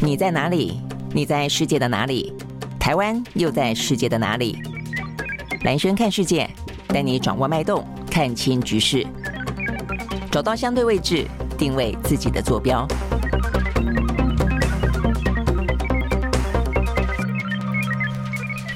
你在哪裡？你在世界的哪裡？台灣又在世界的哪裡？蘭萱看世界，帶你掌握脈動，看清局勢，找到相對位置，定位自己的坐標。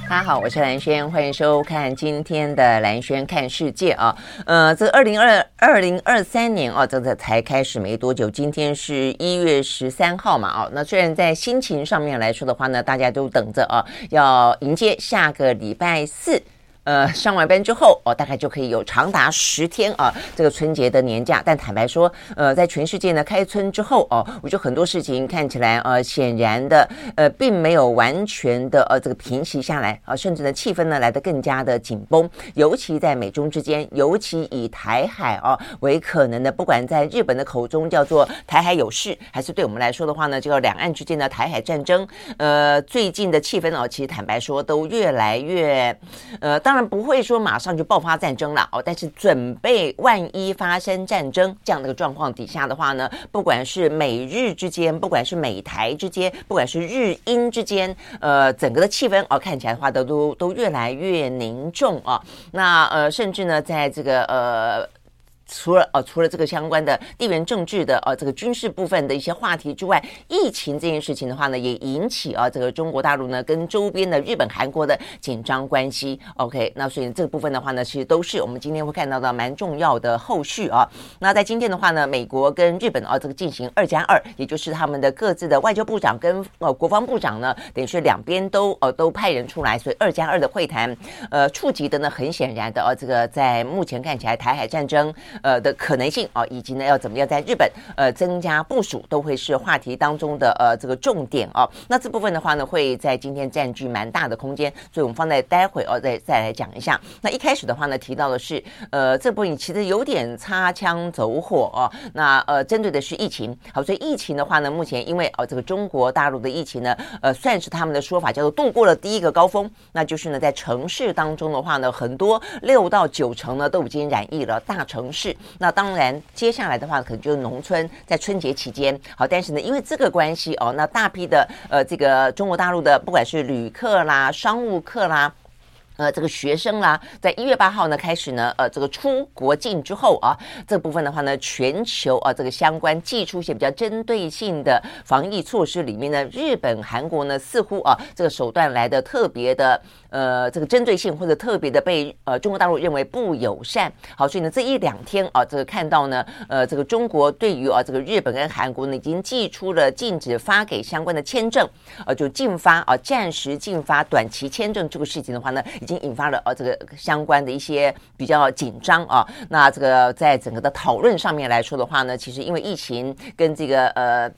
大家好，我是蘭萱，歡迎收看今天的蘭萱看世界啊。呃，這二零二。二零二三年哦，這才開始沒多久，今天是一月十三號嘛，哦，那雖然在心情上面來說的話呢，大家都等着哦，要迎接下個禮拜四。呃，上完班之後哦，大概就可以有長達十天啊，呃，這個春節的年假。但坦白說，呃，在全世界呢開春之後哦，呃，我覺得很多事情看起來呃，顯然的呃，並沒有完全的呃，這個平息下來啊，呃，甚至呢氣氛呢來得更加的緊繃，尤其在美中之間，尤其以台海哦，啊、為可能的，不管在日本的口中叫做台海有事，還是對我們來說的話呢，這個兩岸之間的台海戰爭。呃，最近的氣氛哦，其實坦白說都越來越呃，當然。不會說馬上就爆發戰爭了哦，但是準備萬一發生戰爭這樣的一個狀況底下的話呢，不管是美日之間，不管是美台之間，不管是日英之間，呃，整個的氣氛哦，呃，看起來的話都都都越來越凝重啊。那呃，甚至呢，在這個呃。除了呃，除了這個相關的地緣政治的呃這個軍事部分的一些話題之外，疫情這件事情的話呢，也引起啊、呃、這個中國大陸呢跟周邊的日本、韓國的緊張關係。OK，那所以這個部分的話呢，其實都是我們今天會看到的蠻重要的後續啊。那在今天的話呢，美國跟日本啊、呃、這個進行二加二，2，也就是他們的各自的外交部長跟呃國防部長呢，等於是兩邊都呃都派人出來，所以二加二的會談呃觸及的呢，很顯然的哦、呃，這個在目前看起來台海戰爭。呃的可能性啊，以及呢要怎麼樣在日本呃增加部署，都會是話題當中的呃這個重點哦、啊。那這部分的話呢，會在今天佔據蠻大的空間，所以我們放在待會哦、啊、再再來講一下。那一開始的話呢，提到的是呃這部分其實有點擦槍走火啊。那呃針對的是疫情，好，所以疫情的話呢，目前因為呃這個中國大陸的疫情呢，呃算是他們的說法叫做度過了第一個高峰，那就是呢在城市當中的話呢，很多六到九成呢都已經染疫了大城市。那當然，接下來的話可能就是農村在春節期間，好，但是呢，因為這個關係哦，那大批的呃，這個中國大陸的不管是旅客啦、商務客啦。呃，這個學生啦、啊，在一月八號呢，開始呢，呃，這個出國境之後啊，這部分的話呢，全球啊，這個相關祭出一些比較針對性的防疫措施裡面呢，日本、韓國呢似乎啊，這個手段來得特別的，呃，這個針對性或者特別的被呃中國大陸認為不友善。好，所以呢，這一兩天啊，這個看到呢，呃，這個中國對於啊這個日本跟韓國呢，已經祭出了禁止發給相關的簽證，呃，就禁發啊、呃，暫時禁發短期簽證這個事情的話呢。已經引發了呃、啊、這個相關的一些比較緊張啊，那這個在整個的討論上面來說的話呢，其實因為疫情跟這個呃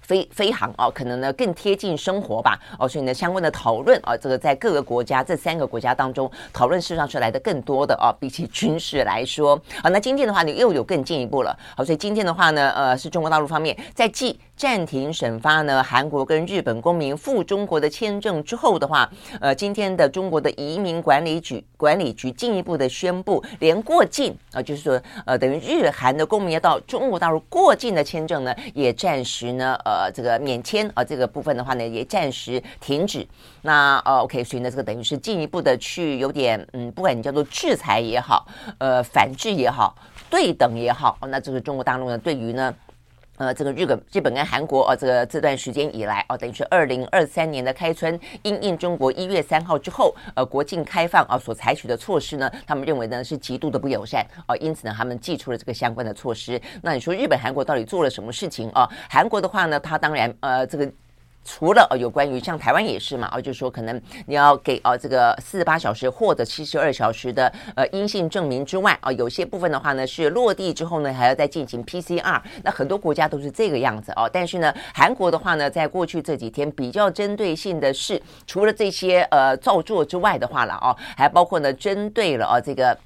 飛飛航啊，可能呢更貼近生活吧，哦，所以呢相關的討論啊，這個在各個國家這三個國家當中討論事實上是來的更多的啊，比起軍事來說，好、啊，那今天的話呢又有更進一步了，好、啊，所以今天的話呢，呃是中國大陸方面在繼。暫停審發呢，韓國跟日本公民赴中國的簽證之後的話，呃，今天的中國的移民管理局管理局進一步的宣布，連過境啊、呃，就是說，呃，等於日韓的公民要到中國大陸過境的簽證呢，也暫時呢，呃，這個免簽啊、呃，這個部分的話呢，也暫時停止。那哦、呃，OK，所以呢，這個等於是進一步的去有點嗯，不管你叫做制裁也好，呃，反制也好，對等也好，那這個中國大陸呢，對於呢。呃，這個日本、日本跟韓國，呃，這個這段時間以來，呃，等於是二零二三年的開春，因應中國一月三號之後，呃，國境開放，呃，所採取的措施呢，他們認為呢是極度的不友善，呃，因此呢，他們祭出了這個相關的措施。那你說日本、韓國到底做了什麼事情？呃，韓國的話呢，他當然呃，這個。除了哦，有關於像台灣也是嘛，哦，就是說可能你要給哦、啊、這個四十八小時或者七十二小時的呃陰性證明之外，啊，有些部分的話呢是落地之後呢還要再進行 PCR，那很多國家都是這個樣子哦、啊。但是呢，韓國的話呢，在過去這幾天比較針對性的是，除了這些呃造作之外的話了哦，還包括呢針對了哦、啊、這個。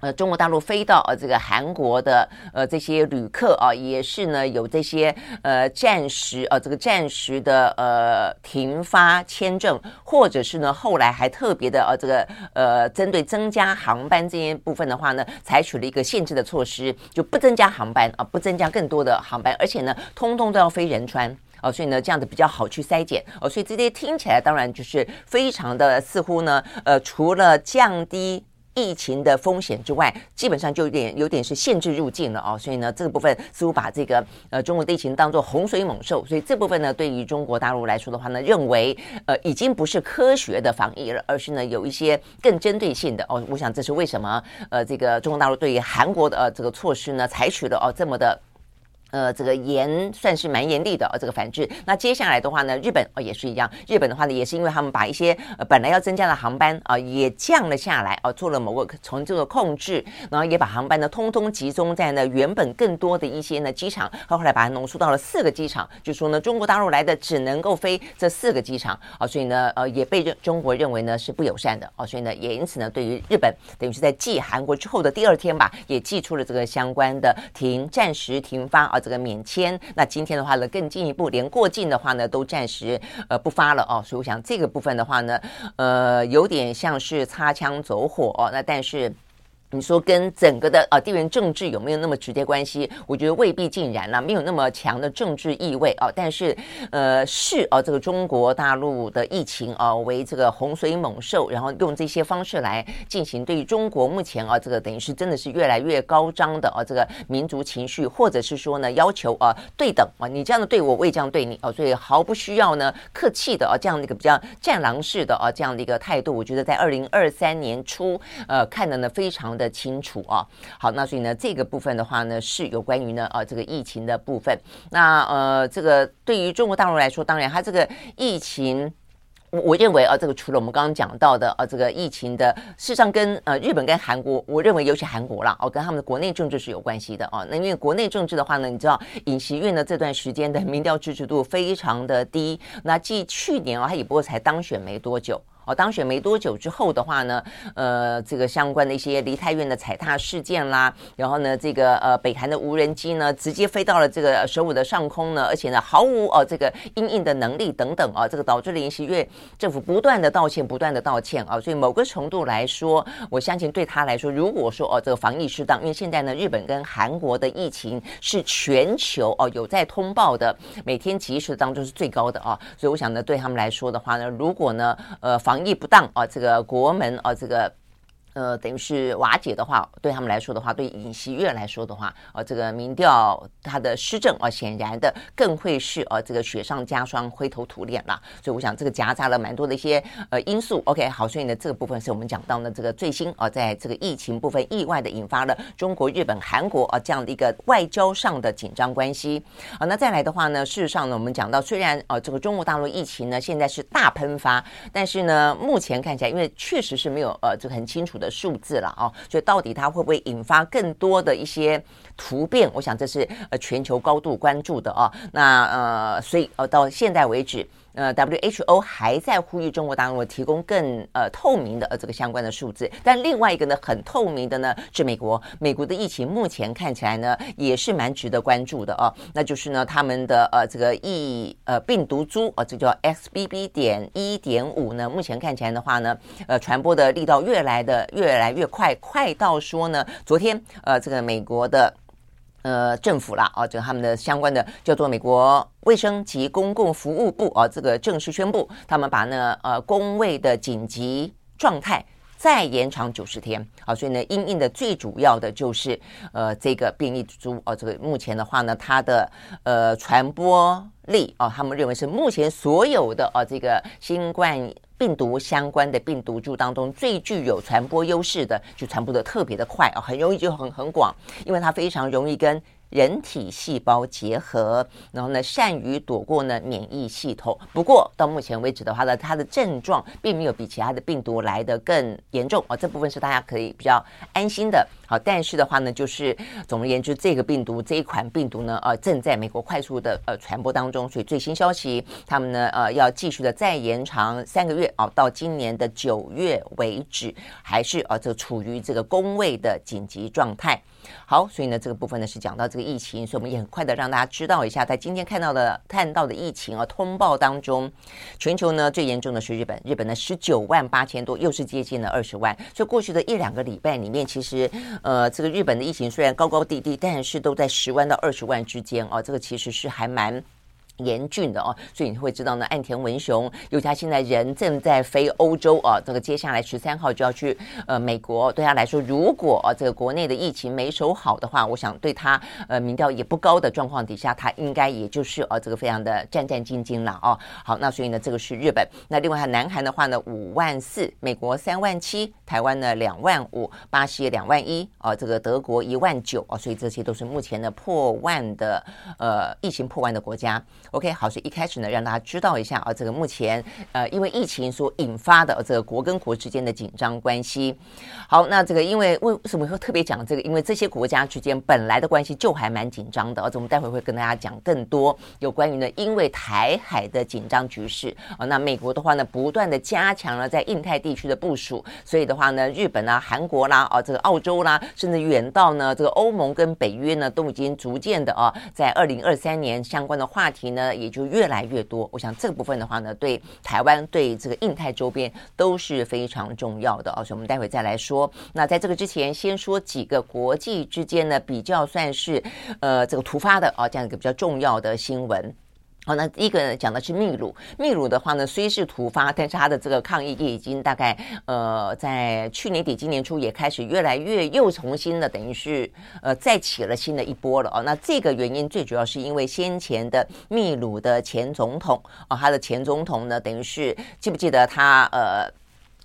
呃，中國大陸飛到呃這個韓國的呃這些旅客，啊、呃，也是呢有這些呃暫時呃這個暫時的呃停發簽證，或者是呢後來還特別的呃這個呃針對增加航班這些部分的話呢，採取了一個限制的措施，就不增加航班，啊、呃，不增加更多的航班，而且呢通通都要飛仁川啊，所以呢這樣子比較好去篩檢啊、呃，所以這些聽起來當然就是非常的似乎呢呃除了降低。疫情的風險之外，基本上就有點有點是限制入境了哦，所以呢，這個部分似乎把這個呃中國的疫情當作洪水猛獸，所以這部分呢，對於中國大陸來說的話呢，認為呃已經不是科學的防疫了，而是呢有一些更針對性的哦，我想這是為什麼呃這個中國大陸對於韓國的呃這個措施呢採取了哦這麼的。呃，這個嚴算是蠻嚴厲的呃，這個反制，那接下來的話呢，日本哦、呃、也是一樣。日本的話呢，也是因為他們把一些、呃、本來要增加的航班啊、呃，也降了下來哦、呃，做了某個從這個控制，然後也把航班呢，通通集中在呢原本更多的一些呢機場，他後來把它濃縮到了四個機場。就說呢，中國大陸來的只能夠飛這四個機場啊、呃，所以呢，呃，也被認中國認為呢是不友善的哦、呃。所以呢，也因此呢，對於日本，等於是在繼韓國之後的第二天吧，也祭出了這個相關的停暫時停發啊。呃這個免簽，那今天的話呢，更進一步，連過境的話呢，都暫時呃不發了哦，所以我想這個部分的話呢，呃，有點像是擦槍走火哦，那但是。你說跟整個的啊地緣政治有沒有那麼直接關係？我覺得未必盡然呢、啊，沒有那麼強的政治意味啊。但是呃，是啊這個中國大陸的疫情啊為這個洪水猛獸，然後用這些方式來進行對於中國目前啊這個等於是真的是越來越高漲的啊這個民族情緒，或者是說呢要求啊對等啊，你這樣的對我，我也這樣對你啊，所以毫不需要呢客氣的啊這樣的一個比較戰狼式的啊這樣的一個態度，我覺得在二零二三年初呃、啊、看的呢非常。的清楚啊，好，那所以呢，這個部分的話呢，是有關於呢，啊、呃，這個疫情的部分。那呃，這個對於中國大陸來說，當然它這個疫情，我我認為啊、呃，這個除了我們剛剛講到的啊、呃，這個疫情的，事實上跟呃日本跟韓國，我認為尤其韓國啦，哦、呃，跟他們的國內政治是有關係的啊。那因為國內政治的話呢，你知道尹錫悅呢這段時間的民調支持度非常的低，那繼去年啊，他也不過才當選沒多久。當選沒多久之後的話呢，呃，這個相關的一些梨泰院的踩踏事件啦，然後呢，這個呃，北韓的無人機呢，直接飛到了這個首爾的上空呢，而且呢，毫無哦、呃、這個因應的能力等等啊、呃，這個導致了尹錫悅政府不斷的道歉，不斷的道歉啊、呃，所以某個程度來說，我相信對他來說，如果說哦、呃、這個防疫失當，因為現在呢，日本跟韓國的疫情是全球哦、呃、有在通報的，每天及時當中是最高的啊、呃，所以我想呢，對他們來說的話呢，如果呢，呃防亦不當啊、哦，這個國門啊、哦，這個。呃，等於是瓦解的話，對他們來說的話，對尹錫悅來說的話，呃，這個民調他的施政，呃，顯然的更會是呃，這個雪上加霜、灰頭土臉了。所以，我想這個夾雜了蠻多的一些呃因素。OK，好，所以呢，這個部分是我們講到呢，這個最新啊、呃，在這個疫情部分意外的引發了中國、日本、韓國啊、呃、這樣的一個外交上的緊張關係。啊、呃，那再來的話呢，事實上呢，我們講到，雖然呃，這個中國大陸疫情呢現在是大噴發，但是呢，目前看起來，因為確實是沒有呃，這個很清楚。的數字了啊，所以到底它會不會引發更多的一些突變？我想這是呃全球高度關注的啊。那呃，所以呃到現在為止。呃，WHO 還在呼籲中國大陸提供更呃透明的呃這個相關的數字。但另外一個呢，很透明的呢是美國，美國的疫情目前看起來呢也是蠻值得關注的哦、啊。那就是呢他們的呃這個疫呃病毒株啊、呃，這叫 XBB 點一點五呢，目前看起來的話呢，呃傳播的力道越來的越來越快，快到說呢，昨天呃這個美國的。呃，政府啦，啊，就他們的相關的叫做美國衛生及公共服務部啊，這個正式宣布，他們把呢，呃，公衛的緊急狀態再延長九十天，啊，所以呢，因應的最主要的就是，呃，這個變異株，呃、啊、這個目前的話呢，它的呃傳播力，啊，他們認為是目前所有的，呃、啊、這個新冠。病毒相關的病毒株當中，最具有傳播優勢的，就傳播得特別的快哦，很容易就很很廣，因為它非常容易跟人體細胞結合，然後呢，善於躲過呢免疫系統。不過到目前為止的話呢，它的症狀並沒有比其他的病毒來得更嚴重哦，這部分是大家可以比較安心的。好，但是的話呢，就是總而言之，這個病毒這一款病毒呢，呃，正在美國快速的呃傳播當中。所以最新消息，他們呢，呃，要繼續的再延長三個月，啊、哦，到今年的九月為止，還是啊、呃，就處於這個公衛的緊急狀態。好，所以呢，這個部分呢是講到這個疫情，所以我們也很快的讓大家知道一下，在今天看到的看到的疫情啊通報當中，全球呢最嚴重的，是日本，日本的十九萬八千多，又是接近了二十萬。所以過去的一兩個禮拜裡面，其實。呃，這個日本的疫情雖然高高低低，但是都在十萬到二十萬之間啊、哦，這個其實是還蠻嚴峻的哦、啊，所以你會知道呢，岸田文雄，尤其他現在人正在飛歐洲啊，這個接下來十三號就要去呃美國。對他來說，如果、啊、這個國內的疫情沒守好的話，我想對他呃，民調也不高的狀況底下，他應該也就是呃、啊、這個非常的戰戰兢兢了哦、啊。好，那所以呢，這個是日本。那另外，南韓的話呢，五萬四；美國三萬七；台灣呢，兩萬五；巴西兩萬一；啊，這個德國一萬九。啊，所以這些都是目前的破萬的呃疫情破萬的國家。OK，好，所以一開始呢，讓大家知道一下啊，這個目前呃，因為疫情所引發的、啊、這個國跟國之間的緊張關係。好，那這個因為為為什麼會特別講這個？因為這些國家之間本來的關係就還蠻緊張的，而且、啊、我們待會會跟大家講更多有關於呢，因為台海的緊張局勢啊，那美國的話呢，不斷的加強了在印太地區的部署，所以的話呢，日本啦、啊、韓國啦、啊這個澳洲啦，甚至遠到呢這個歐盟跟北約呢，都已經逐漸的啊，在二零二三年相關的話題呢。呃，也就越來越多。我想這個部分的話呢，對台灣、對這個印太周邊都是非常重要的哦，所以，我們待會再來說。那在這個之前，先說幾個國際之間呢，比較算是呃這個突發的啊、哦，這樣一個比較重要的新聞。好、哦，那第一個呢講的是秘魯。秘魯的話呢，雖是突發，但是它的這個抗議也已經大概呃，在去年底、今年初也開始越來越又重新的等於是呃，再起了新的一波了哦，那這個原因最主要是因為先前的秘魯的前總統啊、哦，他的前總統呢，等於是記不記得他呃，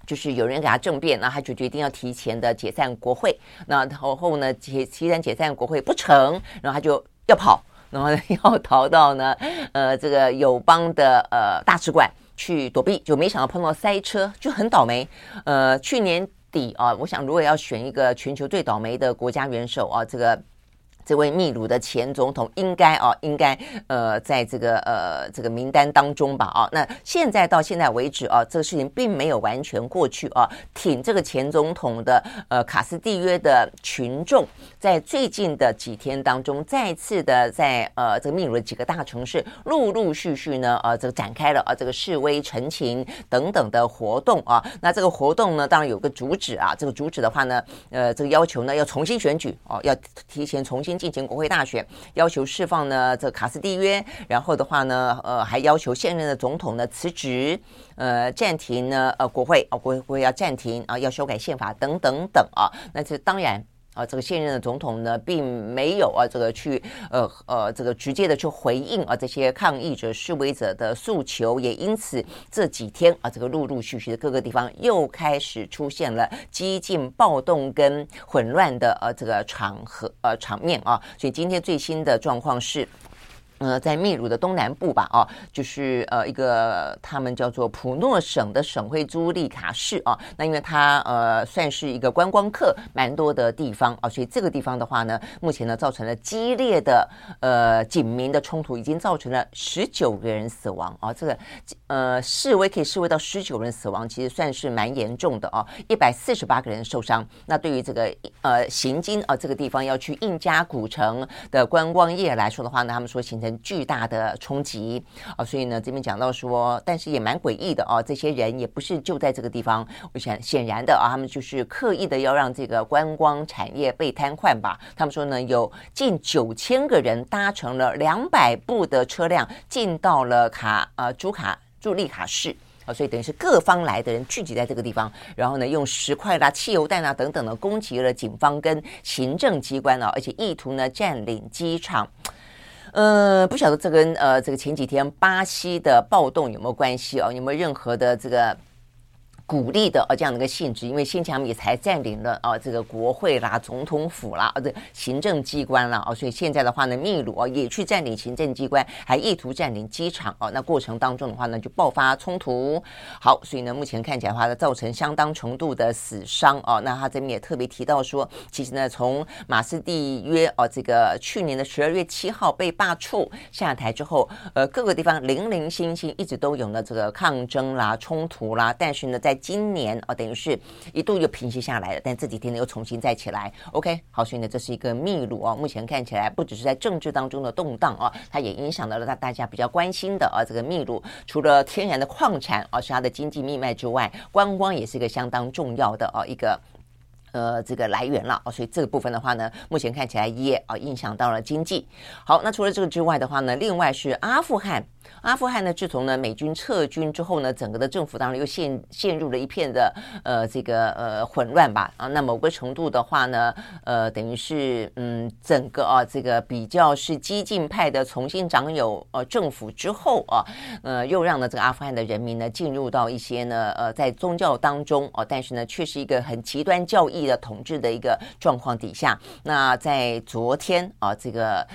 就是有人給他政變，然後他就決定要提前的解散國會。那後然後呢，提提前解散國會不成，然後他就要跑。然後呢要逃到呢，呃，這個友邦的呃大使館去躲避，就沒想到碰到塞車，就很倒霉。呃，去年底啊，我想如果要選一個全球最倒霉的國家元首啊，這個。這位秘魯的前總統應該啊，應該呃，在這個呃這個名單當中吧啊。那現在到現在為止啊，這個事情並沒有完全過去啊。挺這個前總統的呃卡斯蒂約的群眾，在最近的幾天當中，再次的在呃這個秘魯的幾個大城市，陸陸續續呢呃，這個展開了啊這個示威陳情等等的活動啊。那這個活動呢，當然有個主旨啊，這個主旨的話呢，呃這個要求呢要重新選舉哦，啊，要提前重新。進行國會大選，要求釋放呢這卡斯蒂約，然後的話呢，呃，還要求現任的總統呢辭職，呃，暫停呢，呃，國會啊，國會要暫停啊，呃，要修改憲法等等等啊，呃，那這當然。啊，這個現任的總統呢，並沒有啊，這個去呃呃，這個直接的去回應啊這些抗議者、示威者的訴求，也因此這幾天啊，這個陸陸續續的各個地方又開始出現了激進暴動跟混亂的呃、啊、這個場合呃場面啊，所以今天最新的狀況是，呃，在秘魯的東南部吧，哦，就是呃一個他們叫做普諾省的省會朱利卡市哦、啊，那因為它呃算是一個觀光客蠻多的地方啊，所以這個地方的話呢，目前呢造成了激烈的呃警民的衝突，已經造成了十九個人死亡啊。這個呃示威可以示威到十九人死亡，其實算是蠻嚴重的哦。一百四十八個人受傷。那對於這個呃行經啊這個地方要去印加古城的觀光業來說的話呢，他們說形成。巨大的衝擊啊！所以呢，這邊講到說，但是也蠻詭異的哦、啊。這些人也不是就在這個地方，我想顯然的啊，他們就是刻意的要讓這個觀光產業被癱瘓吧？他們說呢，有近九千個人搭乘了兩百部的車輛進到了卡呃朱卡朱利卡市啊，所以等於是各方來的人聚集在這個地方，然後呢，用石塊啦、汽油彈啊等等的攻擊了警方跟行政機關啊，而且意圖呢占領機場。呃、嗯，不曉得這跟呃這個前幾天巴西的暴動有沒有關係啊、哦？有沒有任何的這個？鼓勵的啊，這樣的一個性質，因為新強米才佔領了啊，這個國會啦、總統府啦、啊這行政機關啦哦，所以現在的話呢，秘魯、啊、也去佔領行政機關，還意圖佔領機場哦、啊。那過程當中的話呢，就爆發衝突。好，所以呢，目前看起來的話呢，造成相當程度的死傷哦、啊。那他這邊也特別提到說，其實呢，從馬斯蒂約哦、啊，這個去年的十二月七號被罷黜下台之後，呃，各個地方零零星星一直都有呢這個抗爭啦、衝突啦，但是呢，在今年哦，等於是一度又平息下來了，但這幾天呢又重新再起來。OK，好，所以呢這是一個秘魯哦，目前看起來不只是在政治當中的動盪哦，它也影響到了大大家比較關心的啊、哦、這個秘魯，除了天然的礦產而是它的經濟命脈之外，觀光也是一個相當重要的哦，一個呃這個來源了哦，所以這個部分的話呢，目前看起來也啊影響到了經濟。好，那除了這個之外的話呢，另外是阿富汗。阿富汗呢，自從呢美軍撤軍之後呢，整個的政府當然又陷陷入了一片的呃這個呃混亂吧啊，那某個程度的話呢，呃，等於是嗯，整個啊這個比較是激進派的重新掌有呃政府之後啊，呃，又讓呢，這個阿富汗的人民呢進入到一些呢呃在宗教當中哦，啊，但是呢卻是一個很極端教義的統治的一個狀況底下。那在昨天啊這個。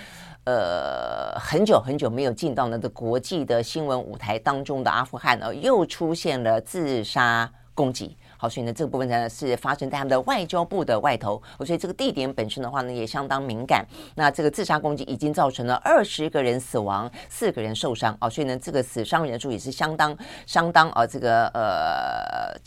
呃，很久很久沒有進到那、這個國際的新聞舞台當中的阿富汗呢，又出現了自殺攻擊。好、啊，所以呢，這個、部分呢是發生在他們的外交部的外頭、啊。所以這個地點本身的話呢，也相當敏感。那這個自殺攻擊已經造成了二十個人死亡，四個人受傷。哦、啊，所以呢，這個死傷人數也是相當相當啊，這個呃。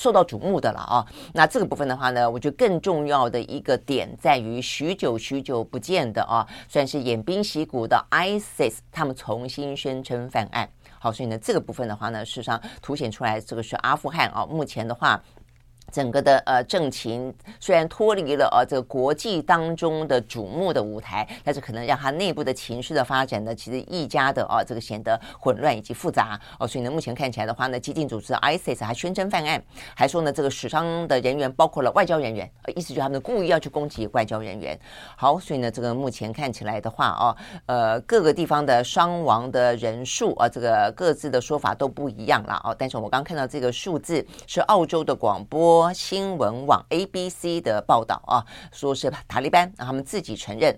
受到矚目的了啊，那這個部分的話呢，我覺得更重要的一個點在於許久許久不見的啊，算是偃兵息鼓的 ISIS，IS，他們重新宣稱犯案，好，所以呢，這個部分的話呢，事實上凸顯出來，這個是阿富汗啊，目前的話。整個的呃，政情雖然脫離了呃這個國際當中的矚目的舞台，但是可能讓他內部的情緒的發展呢，其實一家的啊，這個顯得混亂以及複雜哦。所以呢，目前看起來的話呢，激進組織 ISIS 還宣稱犯案，還說呢這個死傷的人員包括了外交人員，意思就是他們故意要去攻擊外交人員。好，所以呢，這個目前看起來的話哦、啊，呃，各個地方的傷亡的人數啊，這個各自的說法都不一樣了哦。但是我們剛看到這個數字是澳洲的廣播新聞網 ABC 的報道啊，說是塔利班讓、啊、他們自己承認，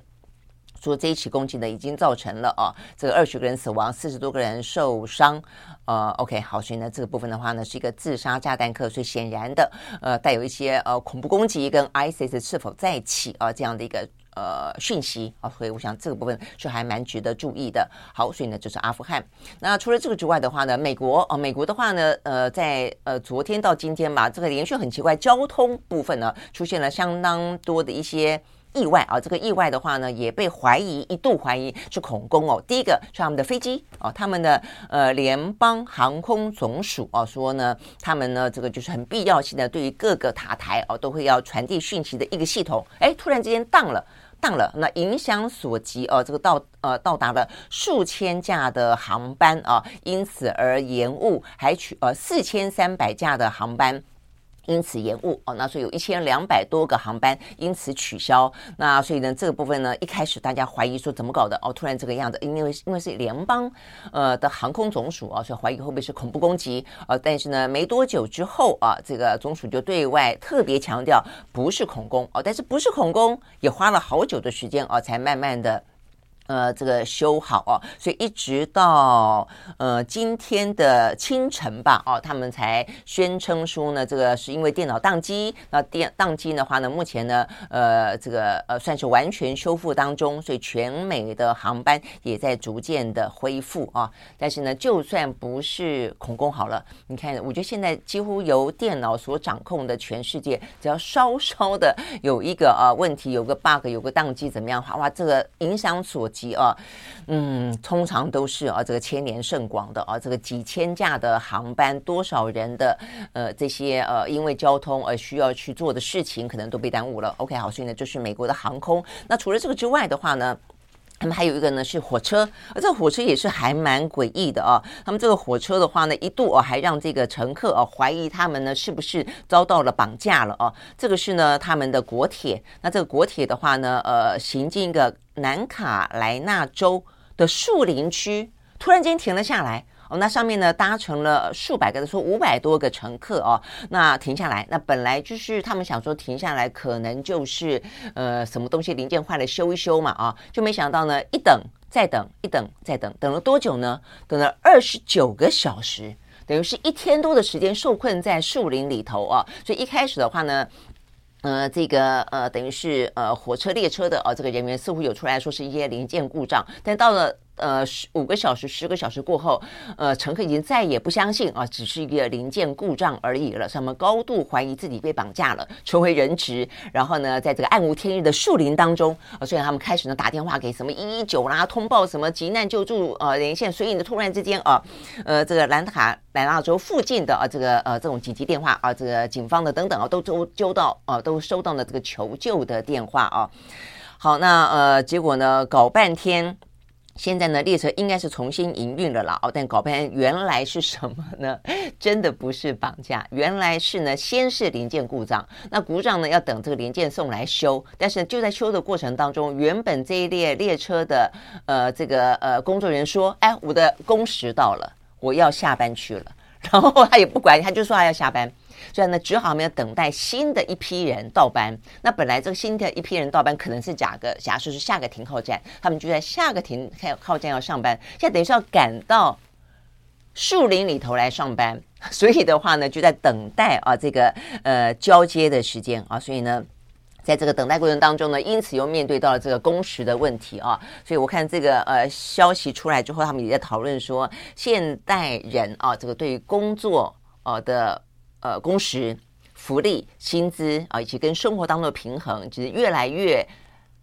說這一起攻擊呢已經造成了啊，這個二十個人死亡，四十多個人受傷。呃，OK，好，所以呢這個部分的話呢是一個自殺炸彈客，所以顯然的呃帶有一些呃恐怖攻擊跟 ISIS 是否再起啊這樣的一個。呃，訊息啊、哦，所以我想這個部分是還蠻值得注意的。好，所以呢，就是阿富汗。那除了這個之外的話呢，美國啊、哦，美國的話呢，呃，在呃昨天到今天吧，這個連續很奇怪，交通部分呢出現了相當多的一些意外啊、哦。這個意外的話呢，也被懷疑一度懷疑是恐攻哦。第一個是他們的飛機哦，他們的呃聯邦航空總署啊、哦、說呢，他們呢這個就是很必要性的，對於各個塔台啊、哦、都會要傳遞訊息的一個系統，哎，突然之間宕了。擋了，那影響所及，呃，這個到呃到達了數千架的航班啊，呃，因此而延誤，還取呃四千三百架的航班，因此延誤哦，那所以有一千兩百多個航班因此取消。那所以呢，這個部分呢，一開始大家懷疑說怎麼搞的哦，突然這個樣子，因為因為是聯邦呃的航空總署啊，所以懷疑會不會是恐怖攻擊呃、啊、但是呢，沒多久之後啊，這個總署就對外特別強調不是恐攻哦，但是不是恐攻也花了好久的時間哦、啊，才慢慢的。呃，這個修好哦，所以一直到呃今天的清晨吧，哦，他們才宣稱說呢，這個是因為電腦宕機。那電宕機的話呢，目前呢，呃，這個呃算是完全修復當中，所以全美的航班也在逐漸的恢復啊。但是呢，就算不是恐攻好了，你看，我覺得現在幾乎由電腦所掌控的全世界，只要稍稍的有一個呃、啊、問題，有個 bug，有個宕機，怎麼樣的話？哇哇，這個影響所。機啊，嗯，通常都是啊，這個牽連甚廣的啊，這個幾千架的航班，多少人的呃，這些呃、啊，因為交通而需要去做的事情，可能都被耽誤了。OK，好，所以呢，就是美國的航空。那除了這個之外的話呢？他們還有一個呢是火車，而這個火車也是還蠻詭異的哦。他們這個火車的話呢，一度哦還讓這個乘客哦懷疑他們呢是不是遭到了綁架了哦。這個是呢他們的國鐵，那這個國鐵的話呢，呃，行進一個南卡萊納州的樹林區，突然間停了下來。哦，那上面呢，搭乘了數百個，說五百多個乘客哦。那停下來，那本來就是他們想說停下來，可能就是呃什麼東西零件壞了修一修嘛啊，就沒想到呢，一等再等，一等再等，等了多久呢？等了二十九個小時，等於是一天多的時間受困在樹林裡頭哦、啊。所以一開始的話呢，呃，這個呃，等於是呃火車列車的哦，這個人員似乎有出來說是一些零件故障，但到了。呃，十五個小時、十個小時過後，呃，乘客已經再也不相信啊，只是一個零件故障而已了。所以他們高度懷疑自己被綁架了，成為人質。然後呢，在這個暗無天日的樹林當中啊、呃，所以他們開始呢打電話給什麼一一九啦，通報什麼急難救助呃連線。所以呢，突然之間啊，呃，這個蘭萊納州附近的啊，這個呃這種緊急電話啊，這個警方的等等啊，都都接到呃、啊，都收到了這個求救的電話啊。好，那呃，結果呢，搞半天。現在呢，列車應該是重新營運了啦。哦，但搞不清原來是什麼呢？真的不是綁架，原來是呢，先是零件故障。那故障呢，要等這個零件送來修。但是就在修的過程當中，原本這一列列車的呃這個呃工作人員說：“哎，我的工時到了，我要下班去了。”然後他也不管他就說他要下班。所以呢，只好沒有等待新的一批人到班。那本來這個新的一批人到班，可能是假的，假設是下個停靠站，他們就在下個停靠靠站要上班。現在等於是要趕到樹林裡頭來上班，所以的話呢，就在等待啊這個呃交接的時間啊。所以呢，在這個等待過程當中呢，因此又面對到了這個工時的問題啊。所以我看這個呃消息出來之後，他們也在討論說，現代人啊，這個對於工作啊、呃、的。呃，工時、福利、薪資啊，呃，以及跟生活當中的平衡，其實越來越，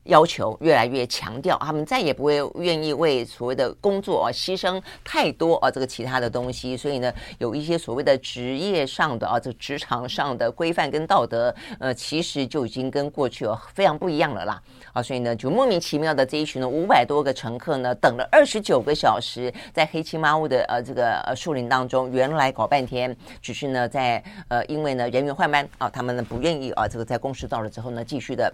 要求越來越強調，他們再也不會願意為所謂的工作而、啊、犧牲太多而、啊、這個其他的東西。所以呢，有一些所謂的職業上的啊，這個、職場上的規範跟道德，呃，其實就已經跟過去、啊、非常不一樣了啦。啊，所以呢，就莫名其妙的這一群呢五百多個乘客呢，等了二十九個小時，在黑漆麻烏的呃、啊、這個呃樹林當中，原來搞半天只是呢在呃因為呢人員換班啊，他們呢不願意啊這個在工時到了之後呢繼續的。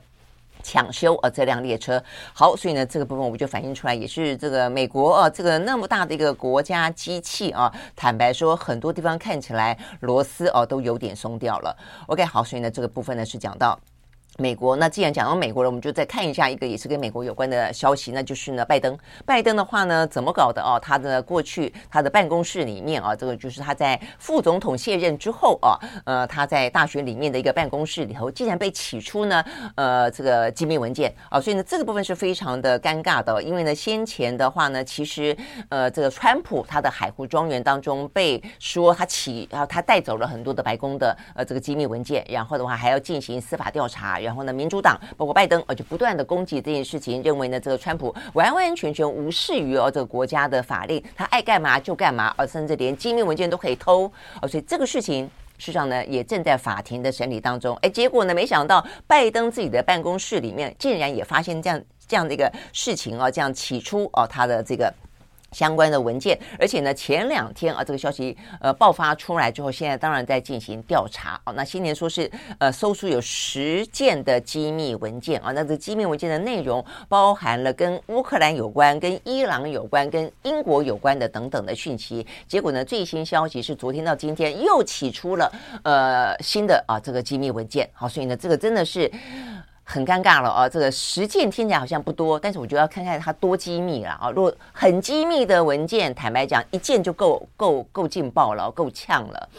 搶修啊，這輛列車。好，所以呢，這個部分我們就反映出來，也是這個美國啊，這個那麼大的一個國家機器啊，坦白說，很多地方看起來螺絲啊都有點鬆掉了。OK，好，所以呢，這個部分呢是講到。美國，那既然講到美國了，我們就再看一下一個也是跟美國有關的消息，那就是呢，拜登。拜登的話呢，怎麼搞的哦、啊，他的過去，他的辦公室裡面啊，這個就是他在副總統卸任之後啊，呃，他在大學裡面的一個辦公室裡頭，竟然被起出呢，呃，這個機密文件啊，所以呢，這個部分是非常的尷尬的，因為呢，先前的話呢，其實呃，這個川普他的海湖莊園當中被說他起，然後他帶走了很多的白宮的呃這個機密文件，然後的話還要進行司法調查。然後呢，民主黨包括拜登，啊就不斷的攻擊這件事情，認為呢這個川普完完全全無視於哦這個國家的法令，他愛幹嘛就幹嘛，啊甚至連機密文件都可以偷，啊所以這個事情事實上呢也正在法庭的審理當中，誒，結果呢沒想到拜登自己的辦公室裡面竟然也發現這樣這樣的一個事情哦，這樣起初哦他的這個。相關的文件，而且呢，前兩天啊，這個消息呃爆發出來之後，現在當然在進行調查哦。那新年說是呃搜出有十件的機密文件啊、哦，那這個、機密文件的內容包含了跟烏克蘭有關、跟伊朗有關、跟英國有關的等等的訊息。結果呢，最新消息是昨天到今天又起出了呃新的啊這個機密文件。好、哦，所以呢，這個真的是。很尷尬了啊，這個十件聽起來好像不多，但是我覺得要看看它多機密了啊。如果很機密的文件，坦白講，一件就夠夠夠勁爆了，夠嗆了。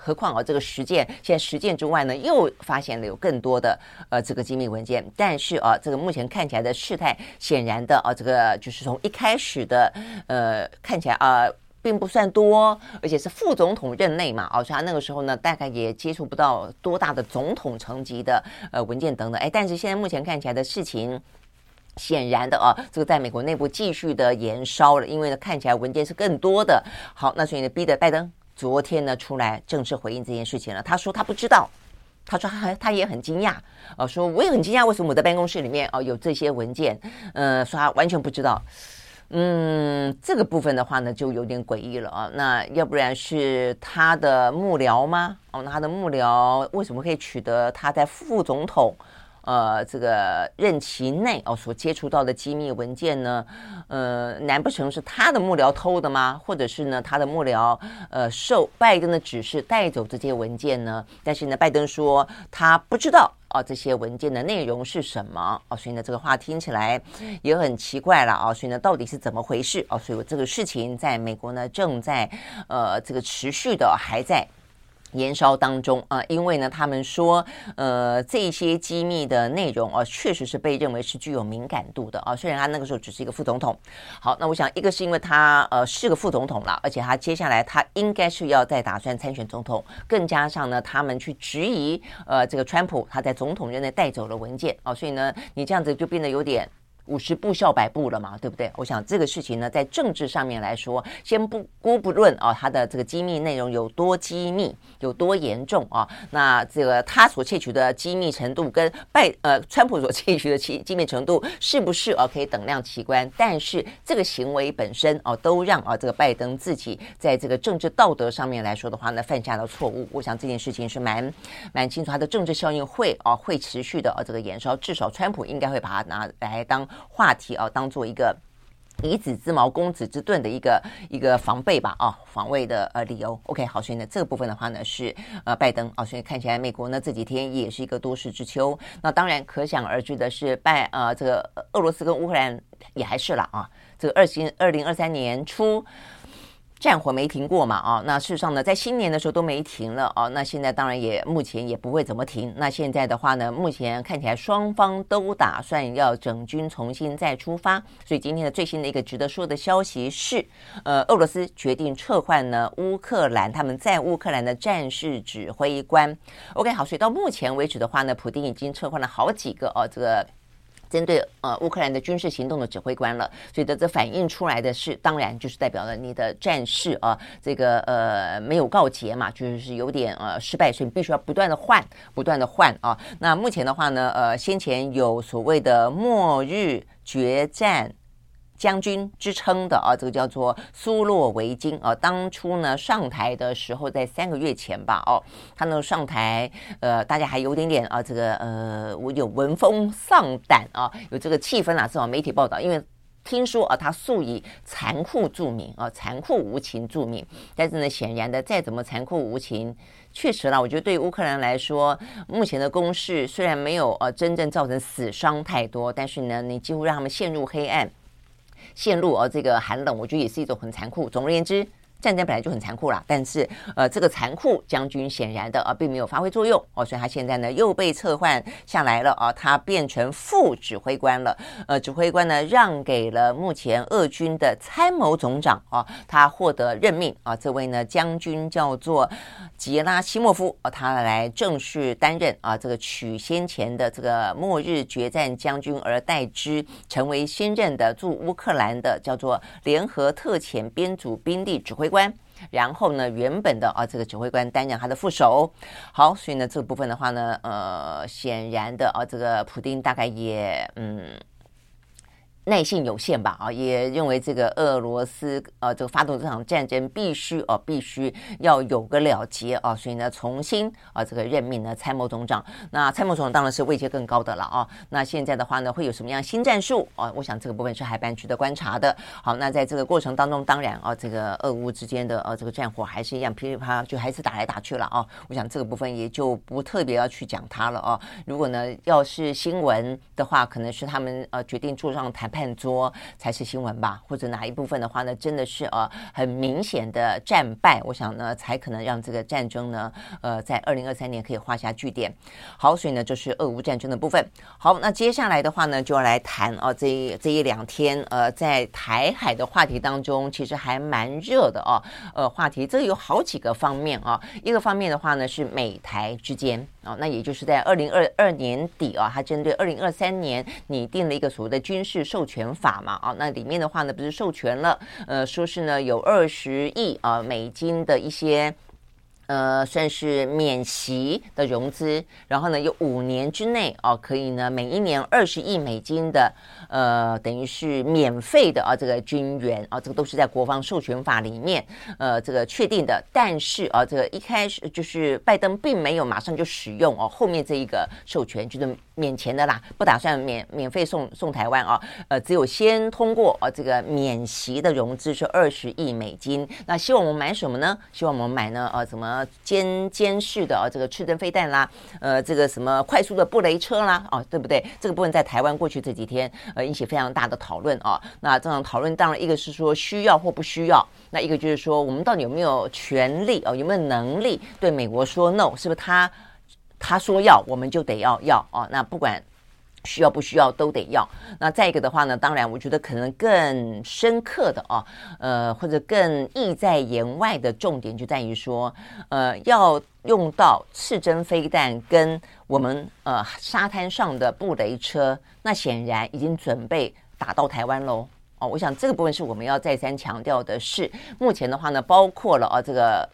何況啊，這個十件現在十件之外呢，又發現了有更多的呃這個機密文件。但是啊，這個目前看起來的事態，顯然的啊，這個就是從一開始的呃看起來啊。並不算多，而且是副總統任內嘛，哦、啊，所以他那個時候呢，大概也接觸不到多大的總統層級的呃文件等等，哎，但是現在目前看起來的事情，顯然的啊，這個在美國內部繼續的延燒了，因為呢看起來文件是更多的。好，那所以呢逼得拜登昨天呢出來正式回應這件事情了，他說他不知道，他說他他也很驚訝，哦、啊，說我也很驚訝，為什麼我的辦公室裡面哦、啊、有這些文件，呃，說他完全不知道。嗯，這個部分的話呢，就有點詭異了啊。那要不然是他的幕僚嗎？哦，那他的幕僚為什麼可以取得他在副總統，呃，這個任期內哦所接觸到的機密文件呢？呃，難不成是他的幕僚偷的嗎？或者是呢，他的幕僚呃受拜登的指示帶走這些文件呢？但是呢，拜登說他不知道。哦，這些文件的內容是什麼？哦，所以呢，這個話聽起來也很奇怪了啊，哦，所以呢，到底是怎麼回事？哦，所以我這個事情在美國呢，正在呃，這個持續的還在。延燒當中啊，因為呢，他們說，呃，這些機密的內容啊，確實是被認為是具有敏感度的啊。雖然他那個時候只是一個副總統，好，那我想一個是因為他呃是個副總統了，而且他接下來他應該是要再打算參選總統，更加上呢，他們去質疑呃這個川普他在總統任內帶走了文件啊，所以呢，你這樣子就變得有點。五十步笑百步了嘛，對不對？我想這個事情呢，在政治上面來說，先不姑不論啊，他的這個機密內容有多機密，有多嚴重啊。那這個他所竊取的機密程度，跟拜呃川普所竊取的機機密程度，是不是啊可以等量齊觀？但是這個行為本身啊，都讓啊這個拜登自己在這個政治道德上面來說的話呢，犯下了錯誤。我想這件事情是蠻蠻清楚，它的政治效應會啊會持續的啊，這個延燒。至少川普應該會把它拿來當。話題啊，當做一個以子之矛攻子之盾的一個一個防備吧，啊，防衛的呃理由。OK，好，所以呢，這個部分的話呢，是呃，拜登啊，哦，所以看起來美國呢這幾天也是一個多事之秋。那當然，可想而知的是，拜呃，這個俄羅斯跟烏克蘭也還是了啊，這個二零二零二三年初。戰火沒停過嘛？啊、哦，那事實上呢，在新年的時候都沒停了。哦，那現在當然也目前也不會怎麼停。那現在的話呢，目前看起來雙方都打算要整軍重新再出發。所以今天的最新的一個值得說的消息是，呃，俄羅斯決定撤換呢烏克蘭他們在烏克蘭的戰事指揮官。OK，好，所以到目前為止的話呢，普丁已經撤換了好幾個哦，這個。針對呃烏克蘭的軍事行動的指揮官了，所以的這反映出來的是，當然就是代表了你的戰事啊，這個呃沒有告捷嘛，就是有點呃失敗，所以你必須要不斷的換，不斷的換啊。那目前的話呢，呃，先前有所謂的末日決戰。將軍之稱的啊，這個叫做蘇洛維金啊。當初呢上台的時候，在三個月前吧，哦，他呢，上台，呃，大家還有點點啊，這個呃，我有聞風喪膽啊，有這個氣氛啊，是吧、啊？媒體報道，因為聽說啊，他素以殘酷著名啊，殘酷無情著名。但是呢，顯然的，再怎麼殘酷無情，確實呢，我覺得對烏克蘭來說，目前的攻勢雖然沒有呃、啊、真正造成死傷太多，但是呢，你幾乎讓他們陷入黑暗。陷入而這個寒冷，我覺得也是一種很殘酷。總而言之。戰爭本來就很殘酷了，但是呃，這個殘酷將軍顯然的啊，並沒有發揮作用哦，所以他現在呢又被撤換下來了啊，他變成副指揮官了。呃，指揮官呢讓給了目前俄軍的參謀總長啊，他獲得任命啊，這位呢將軍叫做傑拉西莫夫，啊，他來正式擔任啊，這個取先前的這個末日決戰將軍而代之，成為新任的駐烏克蘭的叫做聯合特遣編組兵力指揮官。官，然後呢，原本的啊、哦，這個指揮官擔任他的副手。好，所以呢，這個部分的話呢，呃，顯然的啊、哦，這個普丁大概也嗯。耐性有限吧啊，也認為這個俄羅斯呃、啊，這個發動這場戰爭必須哦，必須要有個了結啊，所以呢，重新啊這個任命呢參謀總長，那參謀總長當然是位階更高的了啊。那現在的話呢，會有什麼樣新戰術啊？我想這個部分是還蠻值得觀察的。好，那在這個過程當中，當然啊，這個俄烏之間的呃、啊、這個戰火還是一樣噼里啪啦，就還是打來打去了啊。我想這個部分也就不特別要去講它了啊。如果呢要是新聞的話，可能是他們呃、啊、決定坐上台。判桌，才是新聞吧，或者哪一部分的話呢，真的是呃、啊、很明顯的戰敗，我想呢才可能讓這個戰爭呢呃在二零二三年可以畫下句點。好，所以呢就是俄烏戰爭的部分。好，那接下來的話呢就要來談啊這一這一兩天呃在台海的話題當中，其實還蠻熱的哦、啊。呃話題，這有好幾個方面啊。一個方面的話呢是美台之間。哦，那也就是在二零二二年底啊，他針對二零二三年擬定了一個所謂的軍事授權法嘛。啊、哦，那裡面的話呢，不是授權了，呃，說是呢，有二十億啊美金的一些。呃，算是免息的融資，然後呢，有五年之內哦、呃，可以呢，每一年二十億美金的，呃，等於是免費的啊，這個軍援啊，這個都是在國防授權法裡面，呃，這個確定的。但是啊，這個一開始就是拜登並沒有馬上就使用哦、啊，後面這一個授權就是免錢的啦，不打算免免費送送台灣啊，呃，只有先通過啊這個免息的融資是二十億美金，那希望我們買什麼呢？希望我們買呢，呃、啊，什麼？監監視的啊，這個刺針飛彈啦，呃，這個什麼快速的布雷車啦，啊，對不對？這個部分在台灣過去這幾天，呃，引起非常大的討論啊。那這場討論，當然一個是說需要或不需要，那一個就是說我們到底有沒有權利哦、啊，有沒有能力對美國說 no？是不是他他說要，我們就得要要啊？那不管。需要不需要都得要。那再一個的話呢，當然我覺得可能更深刻的啊，呃，或者更意在言外的重點就在於說，呃，要用到刺針飛彈跟我們呃沙灘上的布雷車，那顯然已經準備打到台灣嘍。哦，我想這個部分是我們要再三強調的是，是目前的話呢，包括了啊這個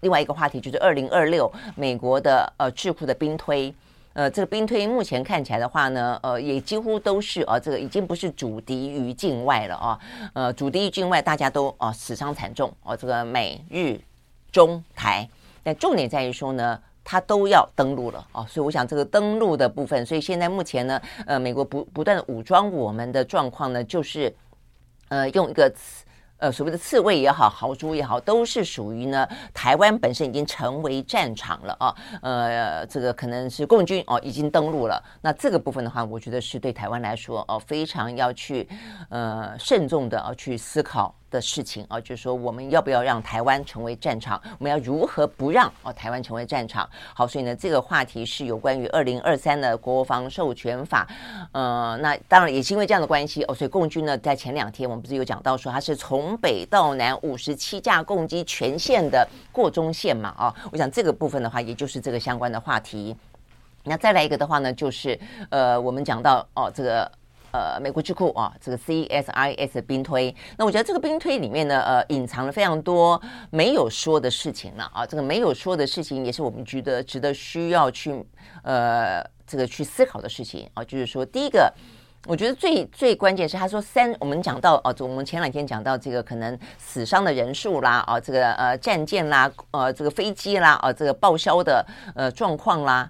另外一個話題就是二零二六美國的呃智庫的兵推。呃，這個兵推目前看起來的話呢，呃，也幾乎都是呃，這個已經不是主敵於境外了啊，呃，主敵於境外大家都啊，死、呃、傷慘重啊、呃，這個美日中台，但重點在於說呢，他都要登陸了啊、呃，所以我想這個登陸的部分，所以現在目前呢，呃，美國不不斷的武裝我們的狀況呢，就是呃，用一個詞。呃，所謂的刺蝟也好，豪豬也好，都是屬於呢，台灣本身已經成為戰場了啊。呃，這個可能是共軍哦，呃，已經登陸了。那這個部分的話，我覺得是對台灣來說哦，呃，非常要去呃慎重的哦，呃，去思考的事情啊，就是說我們要不要讓台灣成為戰場？我們要如何不讓哦台灣成為戰場？好，所以呢，這個話題是有關於二零二三的國防授權法。呃，那當然也是因為這樣的關係哦，所以共軍呢，在前兩天我們不是有講到說它是從北到南五十七架共機全線的過中線嘛？啊、哦，我想這個部分的話，也就是這個相關的話題。那再來一個的話呢，就是呃，我們講到哦這個。呃，美國智庫啊，這個 CSIS 的兵推，那我覺得這個兵推裡面呢，呃，隱藏了非常多沒有說的事情了啊。這個沒有說的事情，也是我們覺得值得需要去呃，這個去思考的事情啊。就是說，第一個，我覺得最最關鍵是，他說三，我們講到哦，啊，我們前兩天講到這個可能死傷的人數啦，啊，這個呃戰艦啦，呃，這個飛機啦，啊，這個報銷的呃狀況啦。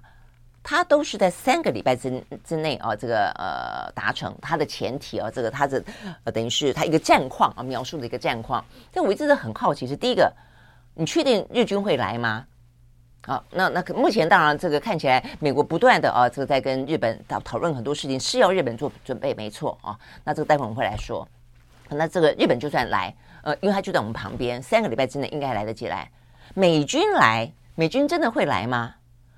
他都是在三個禮拜之之內哦、啊，這個呃達成他的前提哦、啊，這個他的呃等於是他一個戰況啊，描述的一個戰況。但我一直都很好奇是，第一個，你確定日軍會來嗎？好、啊，那那可目前當然這個看起來，美國不斷的啊，這個在跟日本討討論很多事情，是要日本做準備，沒錯啊。那這個待會兒我們會來說。那這個日本就算來，呃，因為它就在我們旁邊，三個禮拜之內應該來得及來。美軍來，美軍真的會來嗎？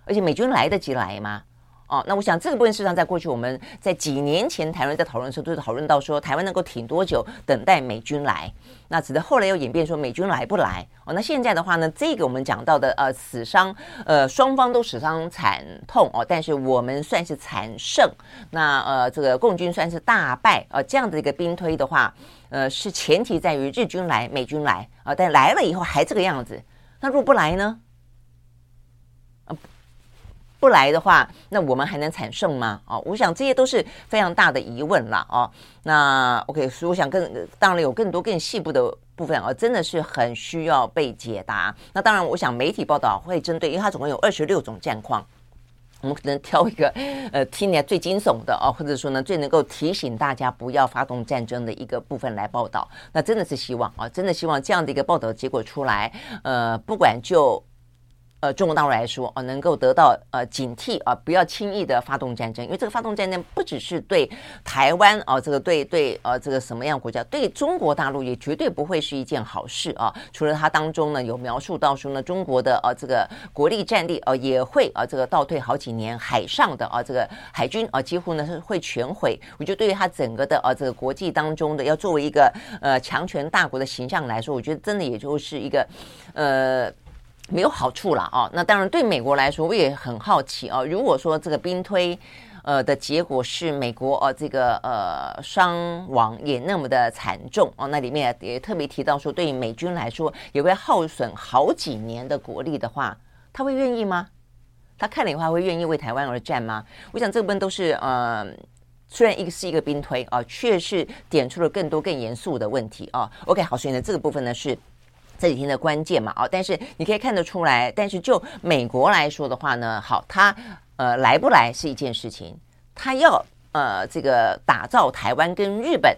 而且美軍來得及來嗎？哦，那我想這個部分事實上，在過去我們在幾年前台灣在討論的時候，都是討論到說台灣能夠挺多久，等待美軍來。那只是後來又演變說美軍來不來？哦，那現在的話呢，這個我們講到的呃死傷呃雙方都死傷慘痛哦，但是我們算是慘勝，那呃這個共軍算是大敗，呃這樣的一個兵推的話，呃是前提在於日軍來、美軍來啊，呃，但來了以後還這個樣子，那若不來呢？不來的話，那我們還能慘勝嗎？哦，我想這些都是非常大的疑問了哦。那 OK，所以我想更當然有更多更細部的部分啊、哦，真的是很需要被解答。那當然，我想媒體報道會針對，因為它總共有二十六種戰況，我們可能挑一個呃，聽起來最驚悚的哦，或者說呢最能夠提醒大家不要發動戰爭的一個部分來報道。那真的是希望啊、哦，真的希望這樣的一個報道結果出來，呃，不管就。呃，中國大陸來說，呃，能夠得到呃警惕啊、呃，不要輕易的發動戰爭，因為這個發動戰爭不只是對台灣啊、呃，這個對對呃，這個什麼樣國家對中國大陸也絕對不會是一件好事啊、呃。除了它當中呢有描述到說呢，中國的呃這個國力戰力呃也會呃，這個倒退好幾年，海上的啊、呃、這個海軍啊、呃、幾乎呢是會全毀。我覺得對於它整個的呃，這個國際當中的要作為一個呃強權大國的形象來說，我覺得真的也就是一個呃。沒有好處了哦。那當然，對美國來說，我也很好奇哦。如果說這個兵推，呃的結果是美國呃這個呃傷亡也那麼的慘重哦，那裡面也特別提到說，對美軍來說也會耗損好幾年的國力的話，他會願意嗎？他看了以後會願意為台灣而戰嗎？我想這部分都是呃，雖然一個是一個兵推啊、呃，卻是點出了更多更嚴肅的問題啊、哦。OK，好，所以呢，這個部分呢是。這幾天的關鍵嘛，哦，但是你可以看得出來，但是就美國來說的話呢，好，他呃來不來是一件事情，他要呃這個打造台灣跟日本。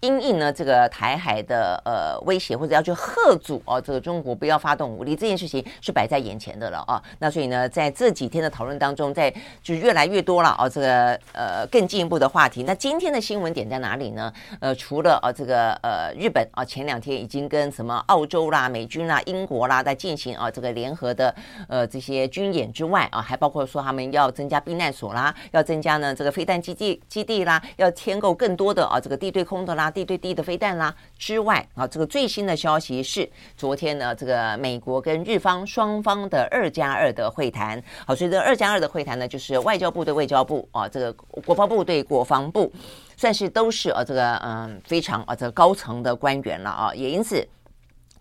因應呢，這個台海的呃威脅或者要去嚇阻哦、啊、這個中國不要發動武力，這件事情是擺在眼前的了啊。那所以呢，在這幾天的討論當中，在就越來越多了啊。這個呃更進一步的話題。那今天的新聞點在哪裡呢？呃，除了啊這個呃日本啊，前兩天已經跟什麼澳洲啦、美軍啦、英國啦在進行啊這個聯合的呃這些軍演之外啊，還包括說他們要增加避難所啦，要增加呢這個飛彈基地基地啦，要添購更多的啊這個地對空的啦。地對地的飛彈啦之外啊，這個最新的消息是昨天呢，這個美國跟日方雙方的二加二的會談。好，啊，所以這二加二的會談呢，就是外交部對外交部啊，這個國防部對國防部，算是都是啊，這個嗯，非常啊，這個高層的官員了啊，也因此。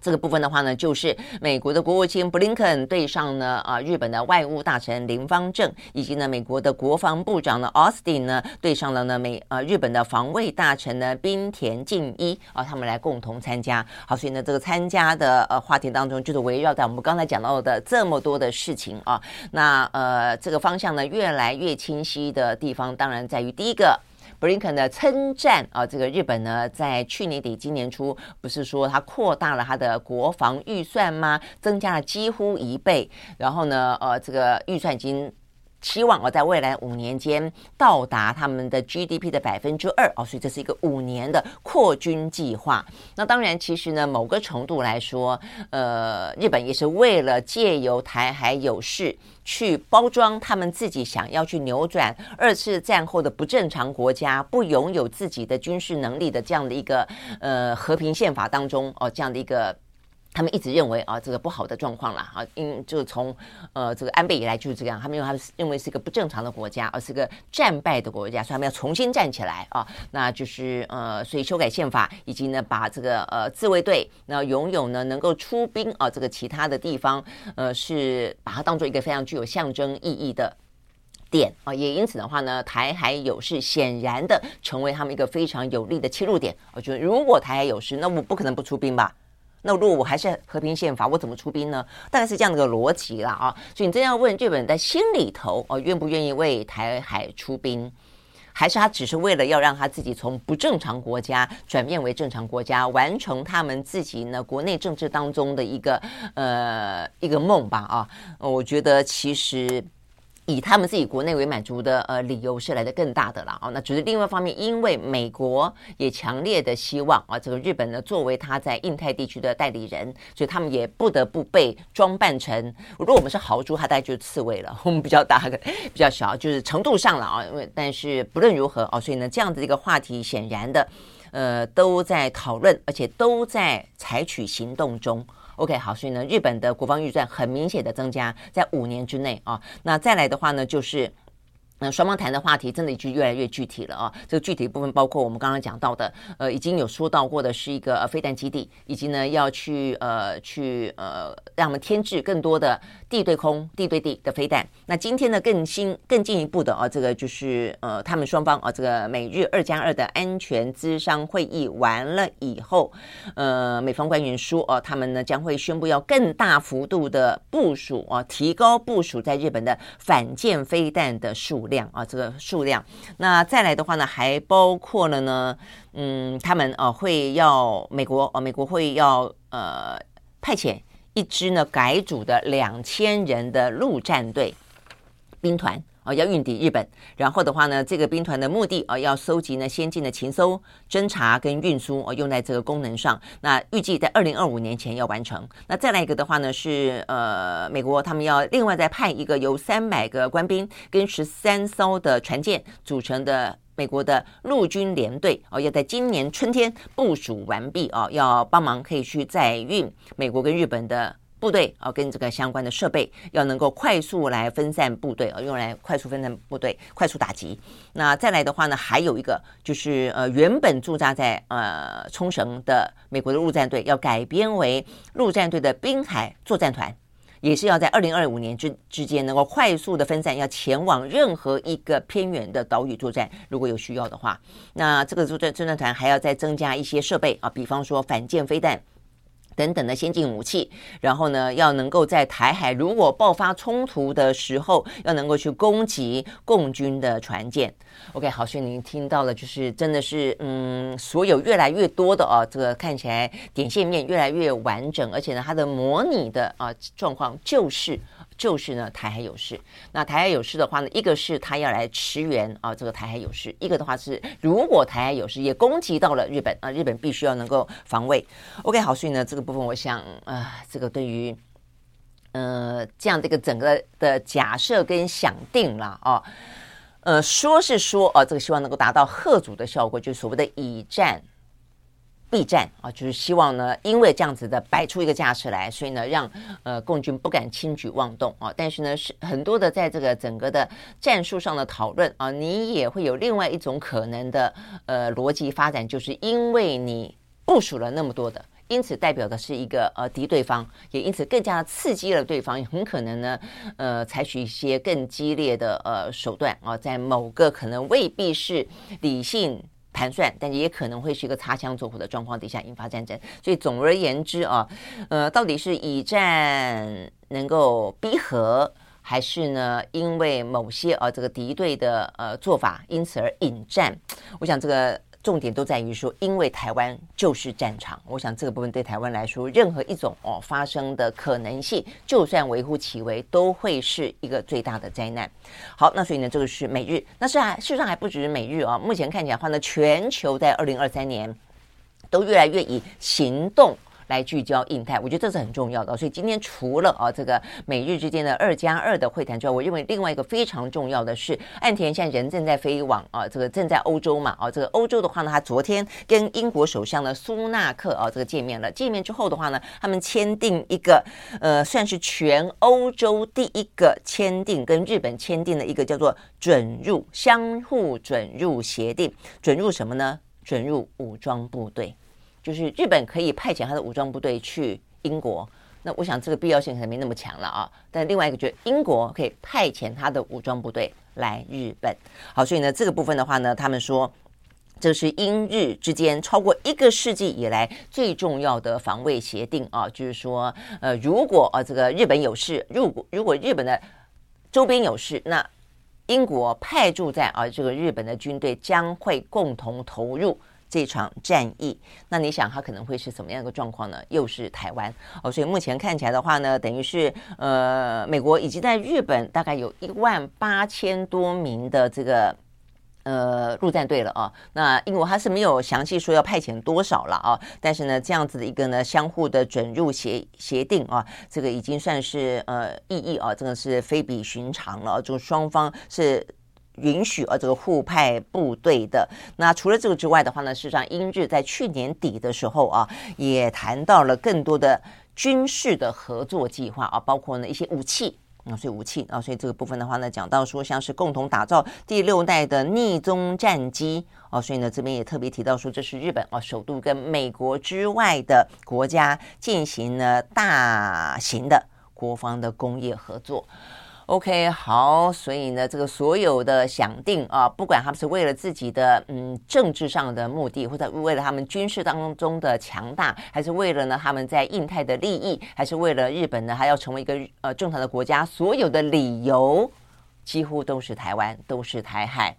這個部分的話呢，就是美國的國務卿布林肯對上呢啊日本的外務大臣林芳正，以及呢美國的國防部長呢奧斯汀呢對上了呢美啊日本的防衛大臣呢濱田靖一啊，他們來共同參加。好，所以呢這個參加的呃話題當中，就是圍繞在我們剛才講到的這麼多的事情啊，那呃這個方向呢越來越清晰的地方，當然在於第一個。布林肯的稱讚啊，這個日本呢，在去年底、今年初，不是說他擴大了他的國防預算嗎？增加了幾乎一倍，然後呢，呃，這個預算已經。期望我在未來五年間到達他們的 GDP 的百分之二哦，所以這是一個五年的擴軍計劃。那當然，其實呢，某個程度來說，呃，日本也是為了借由台海有事去包裝他們自己想要去扭轉二次戰後的不正常國家、不擁有自己的軍事能力的這樣的一個呃和平憲法當中哦，這樣的一個。他們一直認為啊，這個不好的狀況了啊，因就是從呃這個安倍以來就是這樣。他們認為他們認為是一個不正常的國家，而、呃、是一個戰敗的國家，所以他們要重新站起來啊。那就是呃，所以修改憲法，以及呢把這個呃自衛隊那擁有呢能夠出兵啊、呃、這個其他的地方，呃是把它當做一個非常具有象徵意義的點啊、呃。也因此的話呢，台海有事顯然的成為他們一個非常有利的切入點。我覺得如果台海有事，那我不可能不出兵吧。那如果我還是和平憲法，我怎麼出兵呢？大概是這樣的一個邏輯了啊。所以你真要問日本在心裡頭，哦，願不願意為台海出兵？還是他只是為了要讓他自己從不正常國家轉變為正常國家，完成他們自己呢，國內政治當中的一個，呃，一個夢吧啊？我覺得其實。以他們自己國內為滿足的，呃，理由是來得更大的了。啊、哦。那只是另外一方面，因為美國也強烈的希望啊、哦，這個日本呢作為他在印太地區的代理人，所以他們也不得不被裝扮成，如果我們是豪豬，他大概就是刺蝟了。我們比較大的，比較小，就是程度上了啊、哦。因為但是不論如何啊、哦，所以呢，這樣子一個話題顯然的，呃，都在討論，而且都在採取行動中。OK，好，所以呢，日本的國防預算很明顯的增加，在五年之內啊，那再來的話呢，就是。那、呃、雙方談的話題真的已經越來越具體了啊！這個具體部分包括我們剛剛講到的，呃，已經有說到過的，是一個、呃、飛彈基地，以及呢要去呃去呃，讓我們添置更多的地對空、地對地的飛彈。那今天呢，更新更進一步的啊，這個就是呃，他們雙方啊，這個美日二加二的安全諮商會議完了以後，呃，美方官員說哦、啊，他們呢將會宣布要更大幅度的部署啊，提高部署在日本的反艦飛彈的數量啊，這個數量。那再來的話呢，還包括了呢，嗯，他們啊會要美國啊，美國會要呃派遣一支呢改組的兩千人的陸戰隊兵團。哦，要運抵日本，然後的話呢，這個兵團的目的哦，要收集呢先進的情搜偵查跟運輸哦，用在這個功能上。那預計在二零二五年前要完成。那再來一個的話呢，是呃，美國他們要另外再派一個由三百個官兵跟十三艘的船艦組成的美國的陸軍聯隊哦，要在今年春天部署完畢哦，要幫忙可以去載運美國跟日本的。部隊啊，跟這個相關的設備要能夠快速來分散部隊啊，用來快速分散部隊，快速打擊。那再來的話呢，還有一個就是呃，原本駐紮在呃沖繩的美國的陸戰隊要改編為陸戰隊的濱海作戰團，也是要在二零二五年之之間能夠快速的分散，要前往任何一個偏遠的島嶼作戰，如果有需要的話。那這個作戰作戰團還要再增加一些設備啊，比方說反艦飛彈。等等的先進武器，然後呢，要能夠在台海如果爆發衝突的時候，要能夠去攻擊共軍的船艦。OK，好，所以您聽到了，就是真的是，嗯，所有越來越多的啊，這個看起來點線面越來越完整，而且呢，它的模擬的啊狀況就是，就是呢，台海有事。那台海有事的話呢，一個是他要來馳援啊，這個台海有事；一個的話是，如果台海有事也攻擊到了日本啊，日本必須要能夠防衛。OK，好，所以呢，這個部分我想啊，這個對於呃，這樣這個整個的假設跟想定了哦。啊呃，說是說呃，這個希望能夠達到嚇阻的效果，就所謂的以戰避戰啊、呃，就是希望呢，因為這樣子的擺出一個架勢來，所以呢，讓呃共軍不敢輕舉妄動啊、呃。但是呢，是很多的在這個整個的戰術上的討論啊、呃，你也會有另外一種可能的呃邏輯發展，就是因為你部署了那麼多的。因此，代表的是一個呃敵對方，也因此更加刺激了對方，很可能呢，呃，採取一些更激烈的呃手段啊，呃，在某個可能未必是理性盤算，但也可能會是一個擦槍走火的狀況底下引發戰爭。所以，總而言之啊，呃，到底是以戰能夠逼和，還是呢，因為某些呃這個敵對的呃做法，因此而引戰？我想這個。重點都在於說，因為台灣就是戰場。我想這個部分對台灣來說，任何一種哦發生的可能性，就算微乎其微，都會是一個最大的災難。好，那所以呢，這個是美日，那實啊，事實上還不止是美日啊，哦。目前看起來的話呢，全球在二零二三年都越來越以行動來聚焦印太，我覺得這是很重要的。所以今天除了啊這個美日之間的二加二的會談之外，我認為另外一個非常重要的是，岸田現在人正在飛往啊這個正在歐洲嘛，啊這個歐洲的話呢，他昨天跟英國首相的蘇納克啊這個見面了。見面之後的話呢，他們簽訂一個呃算是全歐洲第一個簽訂跟日本簽訂的一個叫做准入相互准入協定。准入什麼呢？准入武裝部隊。就是日本可以派遣他的武裝部隊去英國，那我想這個必要性可能沒那麼強了啊。但另外一個，就是英國可以派遣他的武裝部隊來日本。好，所以呢，這個部分的話呢，他們說這是英日之間超過一個世紀以來最重要的防衛協定啊。就是說，呃，如果啊，這個日本有事，如果如果日本的周邊有事，那英國派駐在啊這個日本的軍隊將會共同投入，這場戰役，那你想它可能會是什麼樣的一個狀況呢？又是台灣哦，所以目前看起來的話呢，等於是呃，美國已經在日本大概有一萬八千多名的這個呃陸戰隊了啊。那英國還是沒有詳細說要派遣多少了啊，但是呢，這樣子的一個呢相互的準入協協定啊，這個已經算是呃意義啊，真的是非比尋常了就雙方是。允許啊，這個互派部隊的。那除了這個之外的話呢，事實上英日在去年底的時候啊，也談到了更多的軍事的合作計劃啊，包括呢一些武器啊、嗯，所以武器啊，所以這個部分的話呢，講到說像是共同打造第六代的匿蹤戰機哦、啊，所以呢這邊也特別提到說，這是日本啊，首度跟美國之外的國家進行了大型的國防的工業合作。OK，好，所以呢，這個所有的想定啊、呃，不管他們是為了自己的嗯政治上的目的，或者為了他們軍事當中的強大，還是為了呢他們在印太的利益，還是為了日本呢還要成為一個呃正常的國家，所有的理由幾乎都是台灣，都是台海。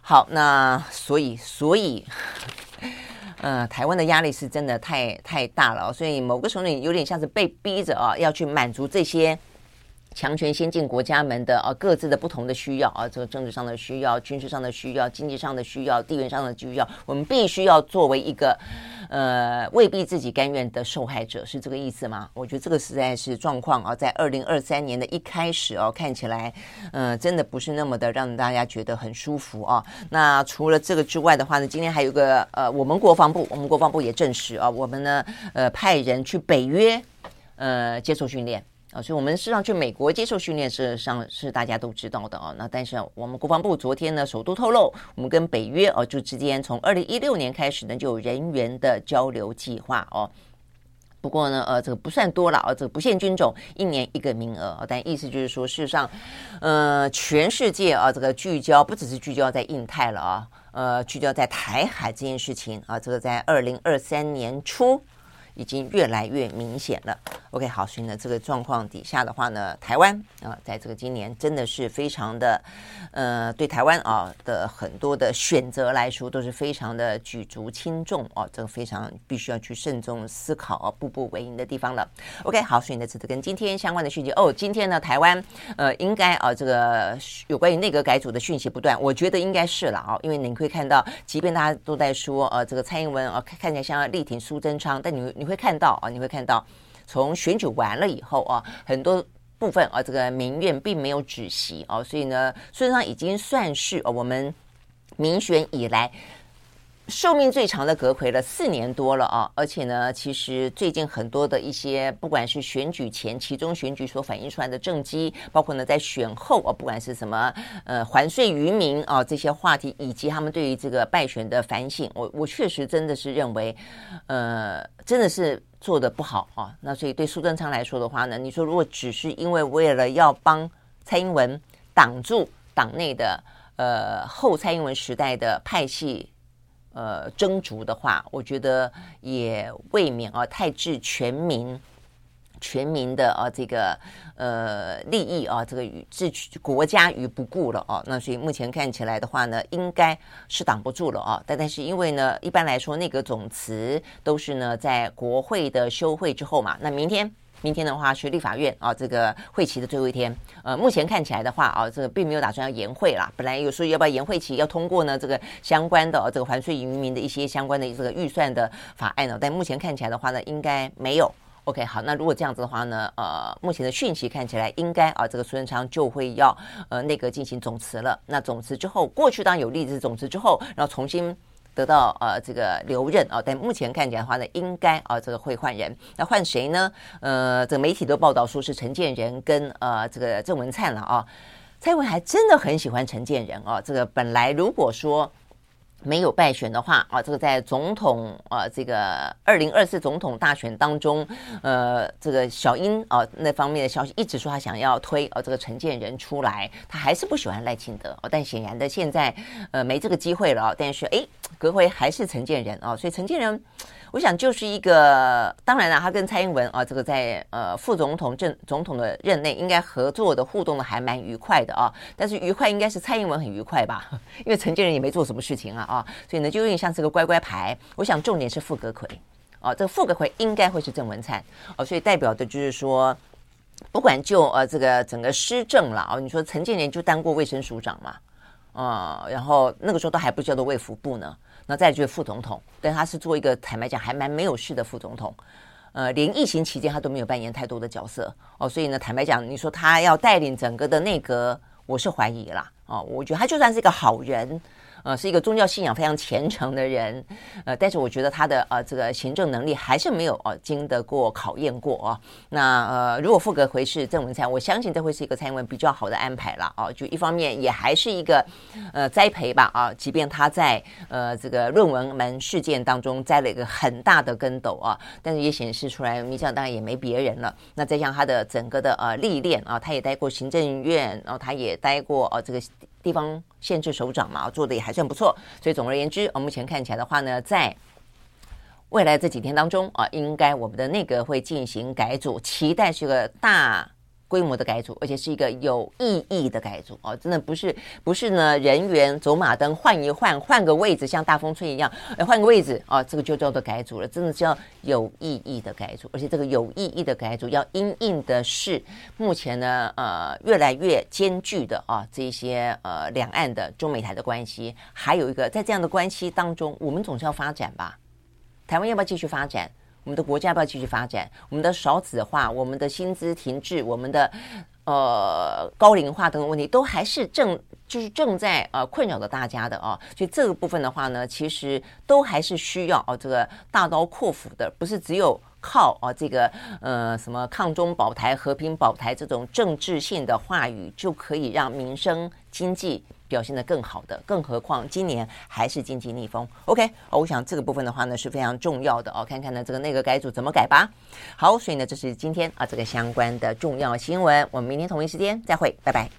好，那所以所以，嗯、呃，台灣的壓力是真的太太大了、哦，所以某個時候你有點像是被逼着啊、哦、要去滿足這些。強權先進國家們的啊各自的不同的需要啊，這個政治上的需要、軍事上的需要、經濟上的需要、地緣上的需要，我們必須要作為一個，呃，未必自己甘願的受害者，是這個意思嗎？我覺得這個實在是狀況啊，在二零二三年的一開始哦、啊，看起來，嗯，真的不是那麼的讓大家覺得很舒服啊。那除了這個之外的話呢，今天還有一個呃，我們國防部，我們國防部也證實啊，我們呢，呃，派人去北約，呃，接受訓練。啊，所以我們事實上去美國接受訓練，事實上是大家都知道的啊。那但是我們國防部昨天呢，首度透露，我們跟北約哦、啊，就之間從二零一六年開始呢就有人員的交流計劃哦、啊。不過呢，呃，這個不算多了啊，這個不限軍種，一年一個名額啊，但意思就是說，事實上，呃，全世界啊，這個聚焦不只是聚焦在印太了啊，呃，聚焦在台海這件事情啊，這個在二零二三年初，已經越來越明顯了。OK，好，所以呢，這個狀況底下的話呢，台灣啊、呃，在這個今年真的是非常的，呃，對台灣啊、哦、的很多的選擇來說，都是非常的舉足輕重哦，這個非常必須要去慎重思考啊、哦，步步為營的地方了。OK，好，所以呢，值得跟今天相關的訊息哦，今天呢，台灣呃，應該啊、呃，這個有關於內閣改組的訊息不斷，我覺得應該是了啊、哦，因為你可以看到，即便大家都在說呃，這個蔡英文啊、呃、看起來像要力挺蘇貞昌，但你你。會看到啊，你會看到，從選舉完了以後啊，很多部分啊，這個民怨並沒有止息啊，所以呢，事實上已經算是我們民選以來。壽命最長的閣揆了，四年多了啊！而且呢，其實最近很多的一些，不管是選舉前、其中選舉所反映出來的政績，包括呢在選後啊，不管是什麼呃還稅於民啊這些話題，以及他們對於這個敗選的反省，我我確實真的是認為，呃，真的是做得不好啊。那所以對蘇貞昌來說的話呢，你說如果只是因為為了要幫蔡英文擋住黨內的呃後蔡英文時代的派系，呃，爭逐的話，我覺得也未免啊太置全民、全民的啊這個呃利益啊這個與置國家於不顧了哦、啊。那所以目前看起來的話呢，應該是擋不住了啊。但但是因為呢，一般來說那個總辭都是呢在國會的休會之後嘛。那明天。明天的話，去立法院啊，這個會期的最後一天。呃，目前看起來的話啊，這個並沒有打算要延會了。本來有說要不要延會期要通過呢？這個相關的、啊、這個還稅移民的一些相關的這個預算的法案呢、哦？但目前看起來的話呢，應該沒有。OK，好，那如果這樣子的話呢，呃，目前的訊息看起來應該啊，這個蘇貞昌就會要呃那個進行總辭了。那總辭之後，過去當然有例子總辭之後，然後重新。得到呃、啊、這個留任啊，但目前看起來的話呢，應該啊，這個會換人，那換誰呢？呃，這個媒體都報道說是陳建仁跟呃、啊、這個鄭文燦了啊。蔡英文還真的很喜歡陳建仁啊，這個本來如果說。沒有敗選的話啊，這個在總統啊，這個二零二四總統大選當中，呃，這個小英啊那方面的消息一直說他想要推啊這個陳建仁出來，他還是不喜歡賴清德，啊，但顯然的現在呃沒這個機會了。但是哎，隔回還是陳建仁啊，所以陳建仁，我想就是一個當然了，他跟蔡英文啊，這個在呃副總統正總統的任內應該合作的互動的還蠻愉快的啊，但是愉快應該是蔡英文很愉快吧，因為陳建仁也沒做什麼事情啊。啊，所以呢，就有點像這個乖乖牌。我想重點是副閣揆哦、啊，這個副閣揆應該會是鄭文燦哦、啊，所以代表的就是說，不管就呃這個整個施政了啊，你說陳建仁就當過衛生署長嘛，啊，然後那個時候都還不叫做衛福部呢，那再就是副總統，但他是做一個坦白講還蠻沒有事的副總統，呃，連疫情期間他都沒有扮演太多的角色哦、啊，所以呢，坦白講，你說他要帶領整個的內閣，我是懷疑啦，哦、啊，我覺得他就算是一個好人。呃，是一個宗教信仰非常虔誠的人，呃，但是我覺得他的呃這個行政能力還是沒有呃，經得過考驗過哦、啊，那呃，如果副閣揆是鄭文燦，我相信這會是一個蔡英文比較好的安排了哦、啊，就一方面也還是一個呃栽培吧啊，即便他在呃這個論文門事件當中栽了一個很大的跟斗啊，但是也顯示出來，你想當然也沒別人了。那再像他的整個的呃歷練啊，他也待過行政院，然、啊、後他也待過哦、啊、這個。地方限制首長嘛，做的也還算不錯，所以總而言之，啊、哦，目前看起來的話呢，在未來這幾天當中啊，應該我們的內閣會進行改組，期待是個大。規模的改組，而且是一個有意義的改組哦，真的不是不是呢，人員走馬燈換一換，換個位置，像大風吹一樣，換、欸、個位置哦，這個就叫做改組了。真的叫有意義的改組，而且這個有意義的改組要因應的是目前呢，呃，越來越艱巨的啊，這些呃，兩岸的中美台的關係，還有一個在這樣的關係當中，我們總是要發展吧？台灣要不要繼續發展？我們的國家要不要繼續發展？我們的少子化、我們的薪資停滯、我們的呃高齡化等等問題，都還是正就是正在呃困擾着大家的啊。所以這個部分的話呢，其實都還是需要啊這個大刀闊斧的，不是只有靠啊這個呃什麼抗中保台、和平保台這種政治性的話語就可以讓民生經濟。表現得更好的，更何況今年還是經濟逆風。OK，我想這個部分的話呢是非常重要的哦，看看呢這個內閣改組怎麼改吧。好，所以呢這是今天啊這個相關的重要新聞，我們明天同一時間再會，拜拜。